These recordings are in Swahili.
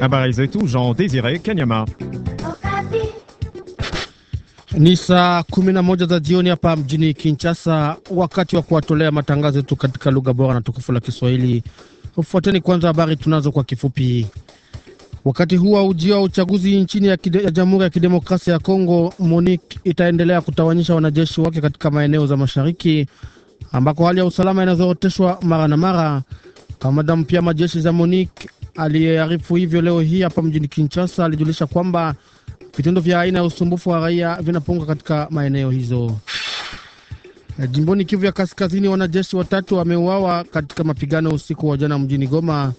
Habari Jean Desire Kanyama. Ni saa kumi na moja za jioni hapa mjini Kinshasa, wakati wa kuwatolea matangazo yetu katika lugha bora na tukufu la Kiswahili. Fuateni kwanza habari tunazo kwa kifupi. Wakati huu wa ujio wa uchaguzi nchini ya, ya Jamhuri ya Kidemokrasia ya Kongo, MONUC itaendelea kutawanyisha wanajeshi wake katika maeneo za mashariki ambako hali ya usalama inazoroteshwa mara na mara. Kamanda mpya majeshi za MONUC aliyearifu hivyo leo hii hapa mjini Kinshasa alijulisha kwamba vitendo vya aina ya usumbufu wa raia vinapunga katika maeneo hizo. E, jimboni Kivu ya Kaskazini, wanajeshi watatu wameuawa katika mapigano usiku wa jana mjini Goma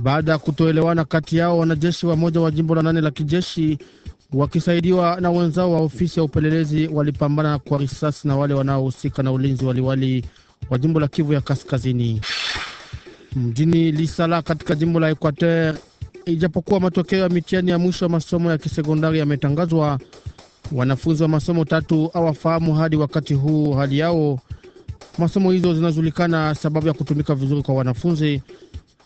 baada ya kutoelewana kati yao wanajeshi wa moja wa jimbo la nane la kijeshi wakisaidiwa na wenzao wa ofisi ya upelelezi walipambana kwa risasi na wale wanaohusika na ulinzi waliwali wa jimbo la Kivu ya Kaskazini mjini Lisala katika jimbo la Equateur. Ijapokuwa matokeo ya mitihani ya mwisho wa masomo ya kisekondari yametangazwa, wanafunzi wa masomo tatu hawafahamu hadi wakati huu hali yao. Masomo hizo zinajulikana sababu ya kutumika vizuri kwa wanafunzi,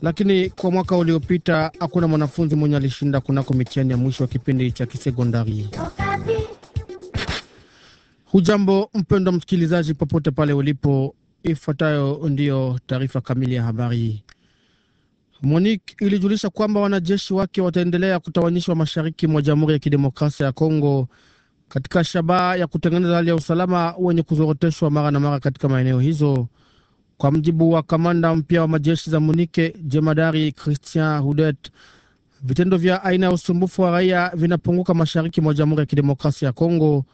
lakini kwa mwaka uliopita hakuna mwanafunzi mwenye alishinda kunako mitihani ya mwisho wa kipindi cha kisekondari. Hujambo mpendwa msikilizaji, popote pale ulipo Ifuatayo ndiyo taarifa kamili ya habari. Monique ilijulisha kwamba wanajeshi wake wataendelea kutawanyishwa mashariki mwa Jamhuri ya Kidemokrasia ya Kongo katika shabaha ya kutengeneza hali ya usalama wenye kuzoroteshwa mara na mara katika maeneo hizo. Kwa mjibu wa kamanda mpya wa majeshi za Munike, jemadari Christian Hudet, vitendo vya aina ya usumbufu wa raia vinapunguka mashariki mwa Jamhuri ya Kidemokrasia ya Kongo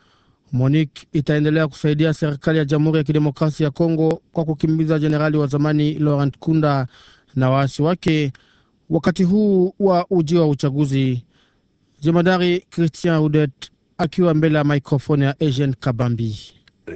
MONIK itaendelea kusaidia serikali ya Jamhuri ya Kidemokrasia ya Kongo kwa kukimbiza jenerali wa zamani Laurent Kunda na waasi wake wakati huu wa ujio wa uchaguzi. Jemadari Christian Udet akiwa mbele ya mikrofoni ya Eugene Kabambi.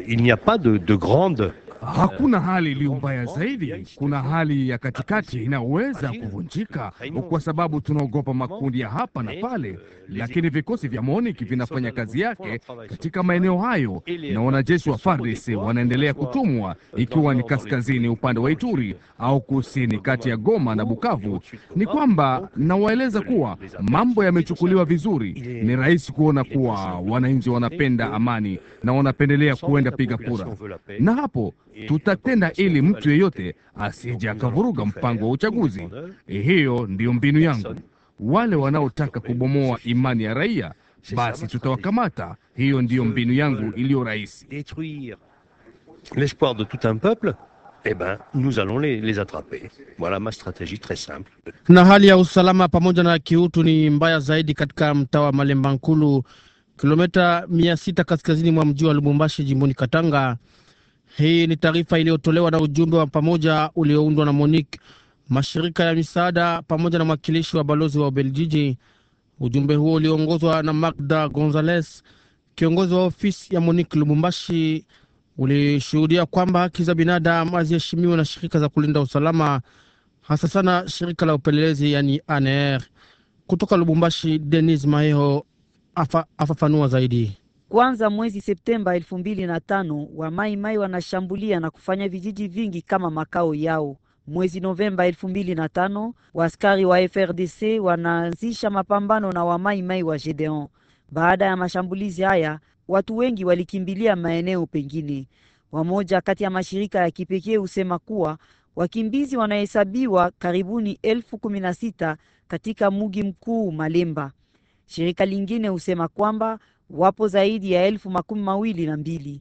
Il n'y a pas de, de grande Hakuna hali iliyo mbaya zaidi. Kuna hali ya katikati inayoweza kuvunjika, kwa sababu tunaogopa makundi ya hapa na pale, eh, lakini vikosi vya MONUC vinafanya kazi yake katika maeneo hayo, na wanajeshi wa FARDC wanaendelea kutumwa, eh, ikiwa ni kaskazini upande wa Ituri au kusini kati ya Goma na Bukavu. Ni kwamba nawaeleza kuwa mambo yamechukuliwa vizuri. Ni rahisi kuona kuwa wananchi wanapenda amani na wanapendelea kuenda piga kura, na hapo tutatenda ili mtu yeyote asije akavuruga mpango wa uchaguzi. Eh, hiyo ndiyo mbinu yangu. Wale wanaotaka kubomoa imani ya raia, basi tutawakamata. Hiyo ndiyo mbinu yangu iliyo rahisi. l'espoir de tout un peuple eh ben, nous allons les, les attraper. Voilà ma très simple. Na hali ya usalama pamoja na kiutu ni mbaya zaidi katika mtaa wa Malemba Nkulu, kilomita mia sita kaskazini mwa mji wa Lubumbashi, jimboni Katanga. Hii ni taarifa iliyotolewa na ujumbe wa pamoja ulioundwa na MONUC, mashirika ya misaada pamoja na mwakilishi wa balozi wa Ubeljiji. Ujumbe huo uliongozwa na Magda Gonzales, kiongozi wa ofisi ya MONUC Lubumbashi, ulishuhudia kwamba haki za binadamu haziheshimiwa na shirika za kulinda usalama, hasa sana shirika la upelelezi yani ANR. Kutoka Lubumbashi, Denis Maeho afafanua zaidi. Kwanza mwezi Septemba elfu mbili na tano wamaimai wanashambulia na kufanya vijiji vingi kama makao yao. Mwezi Novemba elfu mbili na tano waskari wa FRDC wanaanzisha mapambano na wamaimai wa Gedeon. Baada ya mashambulizi haya, watu wengi walikimbilia maeneo pengine. Wamoja kati ya mashirika ya kipekee husema kuwa wakimbizi wanahesabiwa karibuni elfu kumi na sita katika mugi mkuu Malemba. Shirika lingine husema kwamba wapo zaidi ya elfu makumi mawili na mbili.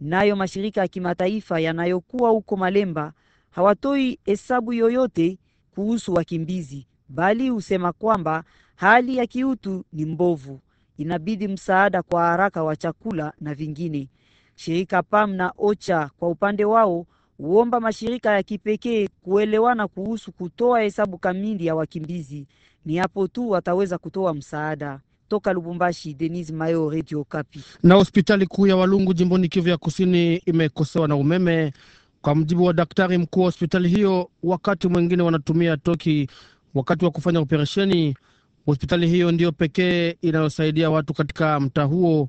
Nayo mashirika ya kimataifa yanayokuwa huko Malemba hawatoi hesabu yoyote kuhusu wakimbizi, bali husema kwamba hali ya kiutu ni mbovu, inabidi msaada kwa haraka wa chakula na vingine. Shirika PAM na OCHA kwa upande wao huomba mashirika ya kipekee kuelewana kuhusu kutoa hesabu kamili ya wakimbizi. Ni hapo tu wataweza kutoa msaada. Toka Lubumbashi, Denise Mayo, Radio Kapi. Na hospitali kuu ya Walungu jimboni Kivu ya Kusini imekosewa na umeme kwa mjibu wa daktari mkuu wa hospitali hiyo. Wakati mwingine wanatumia toki wakati wa kufanya operesheni. Hospitali hiyo ndiyo pekee inayosaidia watu katika mtaa huo.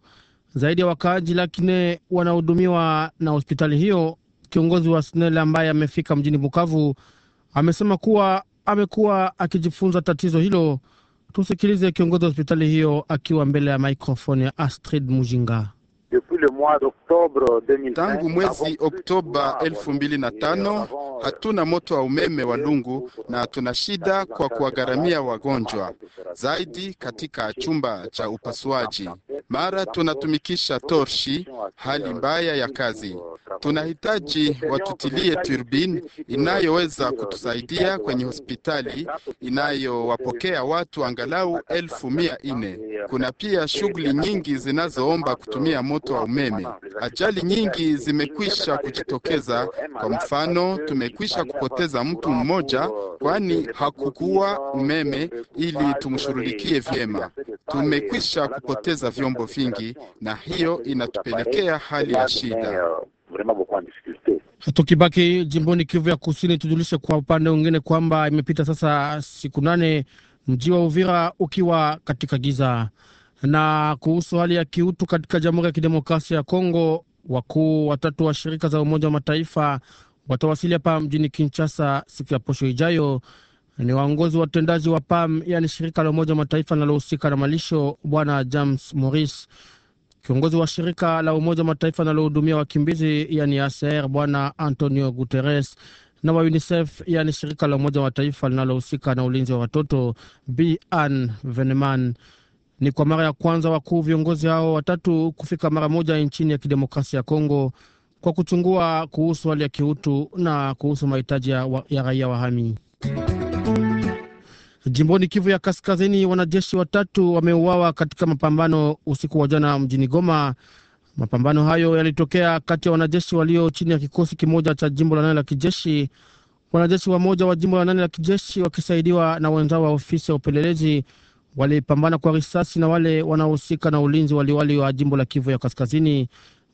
Zaidi ya wakaaji laki nne wanahudumiwa na hospitali hiyo. Kiongozi wa SNEL ambaye amefika mjini Bukavu amesema kuwa amekuwa akijifunza tatizo hilo. Tusikilize kiongozi wa hospitali hiyo akiwa mbele ya maikrofoni ya Astrid Mujinga le mois d'octobre 2020. Tangu mwezi Oktoba 2005 euh, euh, hatuna moto wa umeme wa Lungu na tuna shida kwa kuwagharamia wagonjwa zaidi katika chumba cha upasuaji. Mara tunatumikisha torshi, hali mbaya ya kazi. Tunahitaji watutilie turbine inayoweza kutusaidia kwenye hospitali inayowapokea watu angalau elfu mia nne. Kuna pia shughuli nyingi zinazoomba kutumia moto wa umeme. Ajali nyingi zimekwisha kujitokeza. Kwa mfano, tumekwisha kupoteza mtu mmoja, kwani hakukuwa umeme ili tumshughulikie vyema. Tumekwisha kupoteza vyombo vingi, na hiyo inatupelekea hali ya shida. Tukibaki jimboni Kivu ya Kusini, tujulishe kwa upande mwingine kwamba imepita sasa siku nane mji wa Uvira ukiwa katika giza. Na kuhusu hali ya kiutu katika Jamhuri ya Kidemokrasia ya Kongo, wakuu watatu wa shirika za Umoja wa Mataifa watawasili hapa mjini Kinshasa siku ya posho ijayo. Ni waongozi watendaji wa PAM, yani shirika la Umoja wa Mataifa linalohusika na malisho, Bwana James Morris, kiongozi wa shirika la Umoja wa Mataifa linalohudumia wakimbizi, yani ACR, Bwana Antonio Guterres, na wa UNICEF, yani shirika la Umoja wa Mataifa linalohusika na ulinzi wa watoto, Ban Veneman. Ni kwa mara ya kwanza wakuu viongozi hao watatu kufika mara moja nchini ya kidemokrasia ya Kongo kwa kuchungua kuhusu hali ya kiutu na kuhusu mahitaji ya, ya raia wahami. Jimboni Kivu ya Kaskazini, wanajeshi watatu wameuawa katika mapambano usiku wa jana mjini Goma. Mapambano hayo yalitokea kati ya wanajeshi walio chini ya kikosi kimoja cha jimbo la nane la kijeshi. Wanajeshi wamoja wa jimbo la nane la kijeshi wakisaidiwa na wenzao wa ofisi ya upelelezi walipambana kwa risasi na wale wanaohusika na ulinzi waliwali wa jimbo la Kivu ya Kaskazini.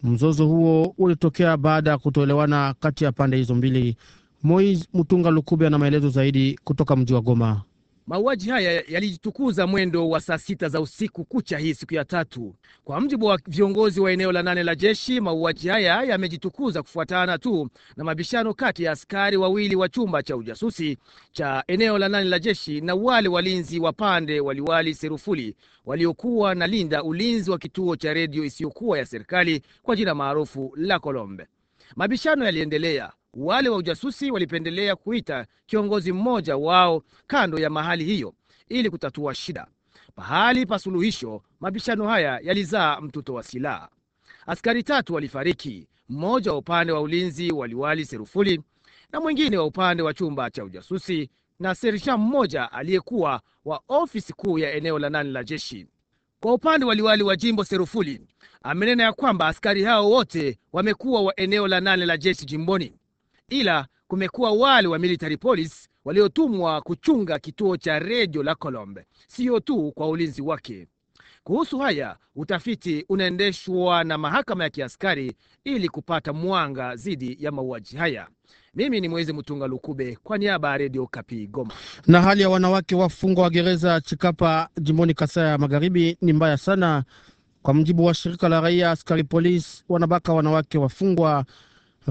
Mzozo huo ulitokea baada ya kutoelewana kati ya pande hizo mbili. Mois Mutunga Lukube ana maelezo zaidi kutoka mji wa Goma. Mauaji haya yalijitukuza mwendo wa saa sita za usiku kucha hii siku ya tatu. Kwa mjibu wa viongozi wa eneo la nane la jeshi, mauaji haya yamejitukuza kufuatana tu na mabishano kati ya askari wawili wa chumba cha ujasusi cha eneo la nane la jeshi na wale walinzi wa pande waliwali Serufuli waliokuwa na linda ulinzi wa kituo cha redio isiyokuwa ya serikali kwa jina maarufu la colombe Mabishano yaliendelea wale wa ujasusi walipendelea kuita kiongozi mmoja wao kando ya mahali hiyo ili kutatua shida. Pahali pa suluhisho, mabishano haya yalizaa mtuto wa silaha. Askari tatu walifariki, mmoja wa upande wa ulinzi waliwali Serufuli na mwingine wa upande wa chumba cha ujasusi na serisha mmoja aliyekuwa wa ofisi kuu ya eneo la nane la jeshi. Kwa upande waliwali wa jimbo Serufuli amenena ya kwamba askari hao wote wamekuwa wa eneo la nane la jeshi jimboni ila kumekuwa wale wa military police waliotumwa kuchunga kituo cha redio la Colombe, siyo tu kwa ulinzi wake. Kuhusu haya, utafiti unaendeshwa na mahakama ya kiaskari ili kupata mwanga dhidi ya mauaji haya. Mimi ni Mwezi Mtunga Lukube kwa niaba ya Redio Kapi Goma. Na hali ya wanawake wafungwa wa gereza Chikapa jimboni kasaya ya Magharibi ni mbaya sana. Kwa mjibu wa shirika la raia, askari polisi wanabaka wanawake wafungwa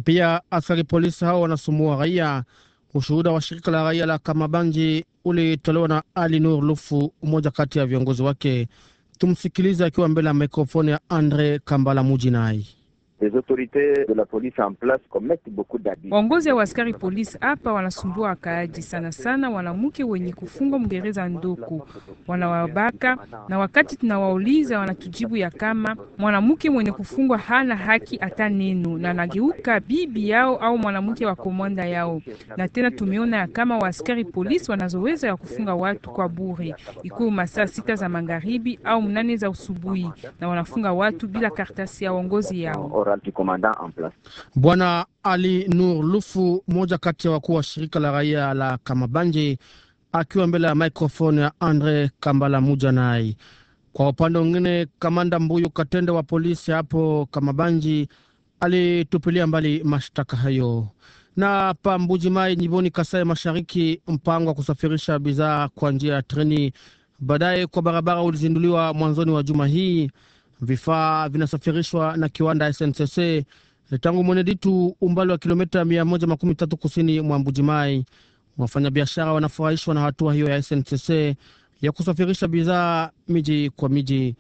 pia askari polisi hao wanasumua raia. Ushuhuda wa shirika la raia la Kamabanji ulitolewa na Ali Nur Lufu, mmoja kati ya viongozi wake. Tumsikilize akiwa mbele ya mikrofoni ya Andre Kambala Mujinai les autorités de la police en place commettent beaucoup d'abus. Waongozi wa askari polisi hapa wanasumbua wakaaji sana sana, wanamke wenye kufungwa mgereza ndoko wanawabaka, na wakati tunawauliza wanatujibu ya kama mwanamke mwenye kufungwa hana haki hata neno, na anageuka bibi yao au mwanamke wa komanda yao. Na tena tumeona ya kama waaskari polisi wanazoweza ya kufunga watu kwa bure ikuu masaa sita za magharibi au mnane za usubuhi, na wanafunga watu bila kartasi ya uongozi yao général du commandant en place. Bwana Ali Nur Lufu, mmoja kati ya wakuu wa shirika la raia la Kamabanje, akiwa mbele ya maikrofoni ya Andre Kambala Mujanai. Nai. Kwa upande mwingine, kamanda Mbuyu Katende wa polisi hapo Kamabanji alitupilia mbali mashtaka hayo. Na pa Mbuji Mai jimboni Kasai Mashariki, mpango wa kusafirisha bidhaa kwa njia ya treni baadaye kwa barabara ulizinduliwa mwanzoni wa juma hii. Vifaa vinasafirishwa na kiwanda SNCC tangu Mweneditu, umbali wa kilomita 113 kusini mwa Mbujimai. Wafanyabiashara wanafurahishwa na hatua hiyo ya SNCC ya kusafirisha bidhaa miji kwa miji.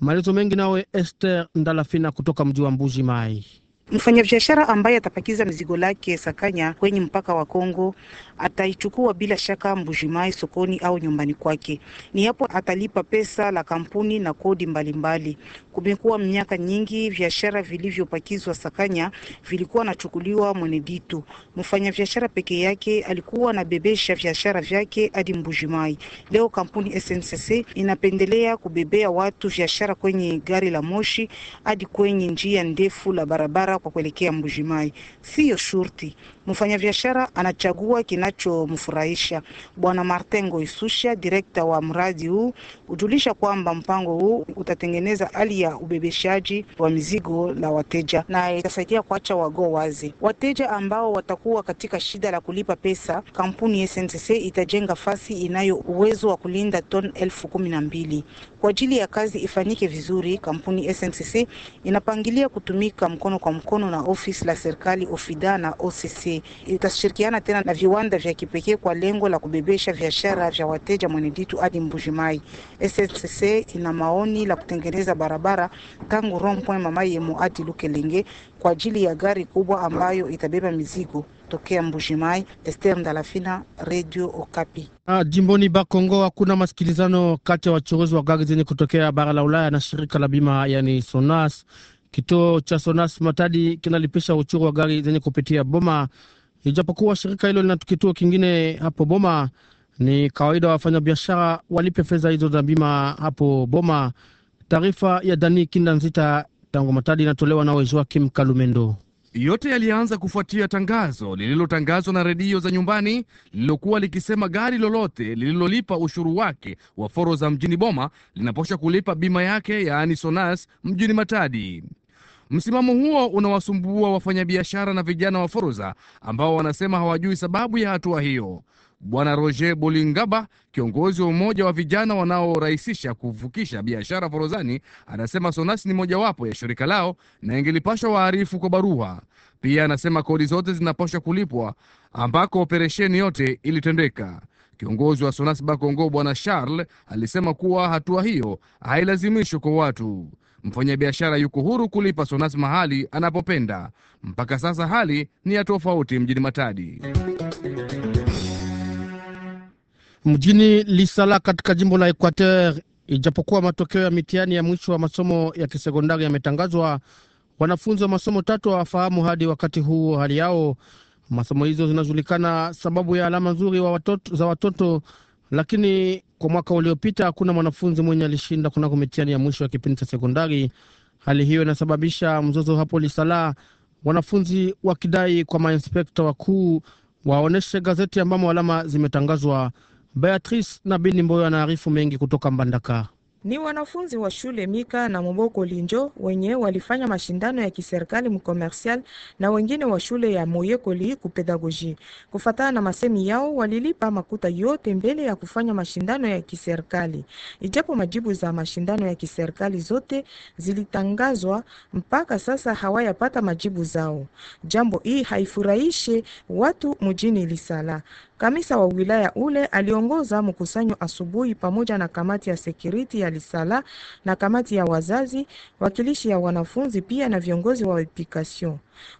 Maelezo mengi nawe Esther Ndalafina kutoka mji wa Mbuji Mai. Mfanyabiashara ambaye atapakiza mzigo lake Sakanya kwenye mpaka wa Kongo ataichukua bila shaka Mbujimai sokoni au nyumbani kwake. Ni hapo atalipa pesa la kampuni na kodi mbalimbali. Kumekuwa miaka nyingi biashara vilivyopakizwa Sakanya vilikuwa nachukuliwa Mweneditu. Mfanyabiashara peke yake alikuwa anabebesha biashara vyake hadi Mbujimai. Leo kampuni SNCC inapendelea kubebea watu biashara kwenye gari la moshi hadi kwenye njia ndefu la barabara kwa kuelekea Mbujimai, siyo shurti mfanyabiashara anachagua kinachomfurahisha. Bwana Martin Goisusha, direkta wa mradi huu, hujulisha kwamba mpango huu utatengeneza hali ya ubebeshaji wa mizigo la wateja na itasaidia kuacha wagoo wazi. Wateja ambao watakuwa katika shida la kulipa pesa, kampuni ya SNCC itajenga fasi inayo uwezo wa kulinda ton elfu kumi na mbili kwa ajili ya kazi ifanyike vizuri. Kampuni SNCC inapangilia kutumika mkono kwa mkono na ofisi la serikali ofida na OCC itashirikiana tena na viwanda vya kipekee kwa lengo la kubebesha biashara vya wateja Mweneditu hadi Mbujimai. SNCC ina maoni la kutengeneza barabara tangu Rond-Point hadi Lukelenge kwa ajili ya gari kubwa ambayo itabeba mizigo tokea Mbujimai. Esther Mdalafina, Radio Okapi. Ah, jimboni Bakongo hakuna masikilizano kati ya wachuruzi wa gari zenye kutokea bara la Ulaya na shirika la bima yani Sonas. Kituo cha Sonas Matadi kinalipisha uchuru wa gari zenye kupitia Boma, ijapokuwa shirika hilo lina kituo kingine hapo Boma. Ni kawaida wafanyabiashara walipe fedha hizo za bima hapo Boma. Taarifa ya Dani Kinda Nzita tangu Matadi inatolewa na Wezoakim Kalumendo. Yote yalianza kufuatia tangazo lililotangazwa na redio za nyumbani lililokuwa likisema gari lolote lililolipa ushuru wake wa foro za mjini Boma linaposha kulipa bima yake, yaani Sonas mjini Matadi. Msimamo huo unawasumbua wafanyabiashara na vijana wa foroza ambao wanasema hawajui sababu ya hatua hiyo. Bwana Roger Bolingaba, kiongozi wa umoja wa vijana wanaorahisisha kuvukisha biashara Forozani, anasema Sonasi ni mojawapo ya shirika lao na ingelipashwa waarifu kwa barua. Pia anasema kodi zote zinapashwa kulipwa ambako operesheni yote ilitendeka. Kiongozi wa Sonasi Bakongo Bwana Charles alisema kuwa hatua hiyo hailazimishwi kwa watu. Mfanyabiashara yuko huru kulipa SONAS mahali anapopenda. Mpaka sasa hali ni ya tofauti mjini Matadi. Mjini Lisala katika jimbo la Equateur, ijapokuwa matokeo ya mitihani ya mwisho wa masomo ya kisekondari yametangazwa, wanafunzi wa masomo tatu hawafahamu hadi wakati huu hali yao. Masomo hizo zinajulikana sababu ya alama nzuri wa watoto, za watoto, lakini kwa mwaka uliopita hakuna mwanafunzi mwenye alishinda kunako mitihani ya mwisho ya kipindi cha sekondari. Hali hiyo inasababisha mzozo hapo Lisala, wanafunzi wakidai kwa mainspekta wakuu waonyeshe gazeti ambamo alama zimetangazwa. Beatrice na Bini Mboyo anaarifu mengi kutoka Mbandaka. Ni wanafunzi wa shule Mika na Moboko Linjo wenye walifanya mashindano ya kiserikali mkomersial na wengine wa shule ya Moyekoli kupedagoji. Kufatana na masemi yao, walilipa makuta yote mbele ya kufanya mashindano ya kiserikali, ijapo majibu za mashindano ya kiserikali zote zilitangazwa, mpaka sasa hawayapata majibu zao. Jambo hii haifurahishe watu mjini Lisala. Kamisa wa wilaya ule aliongoza mkusanyo asubuhi pamoja na kamati ya sekiriti ya Lisala na kamati ya wazazi, wakilishi ya wanafunzi pia na viongozi wa application.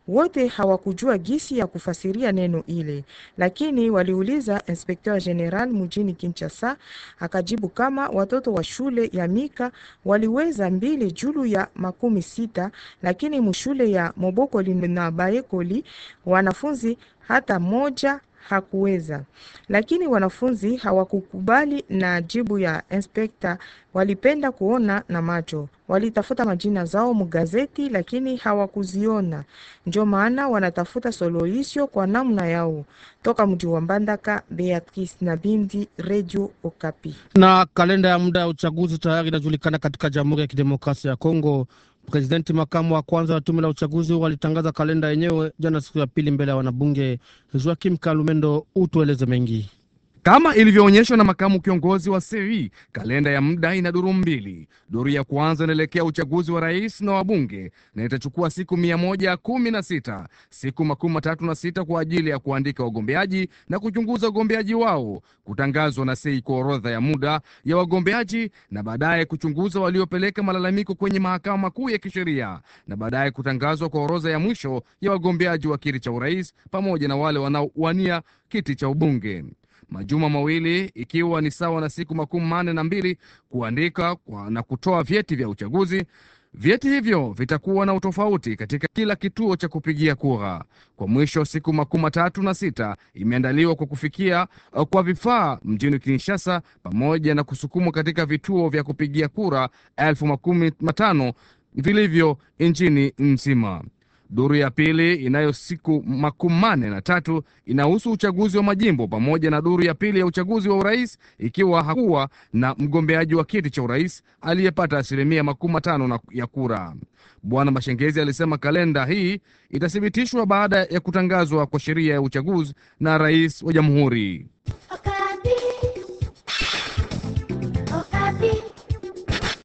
Wote hawakujua gisi ya kufasiria neno ile, lakini waliuliza Inspekteur General mjini Kinshasa, akajibu kama watoto wa shule ya Mika waliweza mbili julu ya makumi sita, lakini mshule ya Mobokoli na baekoli wanafunzi hata moja hakuweza. Lakini wanafunzi hawakukubali na jibu ya inspekta, walipenda kuona na macho. Walitafuta majina zao mugazeti, lakini hawakuziona. Ndio maana wanatafuta soloisho kwa namna yao. Toka mji wa Mbandaka, Beatrice na Bindi, Radio Okapi. Na kalenda ya muda ya uchaguzi tayari inajulikana katika Jamhuri ya Kidemokrasia ya Kongo. Presidenti makamu wa kwanza wa tume la uchaguzi walitangaza kalenda yenyewe jana siku ya pili mbele ya wanabunge. Joakim Kalumendo, utueleze mengi kama ilivyoonyeshwa na makamu kiongozi wa CEI, kalenda ya muda ina duru mbili. Duru ya kwanza inaelekea uchaguzi wa rais na wabunge na itachukua siku mia moja kumi na sita siku makumi matatu na sita kwa ajili ya kuandika wagombeaji na kuchunguza wagombeaji wao, kutangazwa na CEI kwa orodha ya muda ya wagombeaji na baadaye kuchunguza waliopeleka malalamiko kwenye mahakama makuu ya kisheria na baadaye kutangazwa kwa orodha ya mwisho ya wagombeaji wa kiti cha urais pamoja na wale wanaowania kiti cha ubunge majuma mawili ikiwa ni sawa na siku makumi manne na mbili kuandika kwa na kutoa vyeti vya uchaguzi. Vyeti hivyo vitakuwa na utofauti katika kila kituo cha kupigia kura. Kwa mwisho, siku makumi matatu na sita imeandaliwa kwa kufikia uh, kwa vifaa mjini Kinshasa pamoja na kusukumwa katika vituo vya kupigia kura elfu makumi matano vilivyo nchini nzima. Duru ya pili inayo siku makumi manne na tatu inahusu uchaguzi wa majimbo pamoja na duru ya pili ya uchaguzi wa urais, ikiwa hakuwa na mgombeaji wa kiti cha urais aliyepata asilimia makumi matano ya kura. Bwana Mashengezi alisema kalenda hii itathibitishwa baada ya kutangazwa kwa sheria ya uchaguzi na rais wa jamhuri. Okay.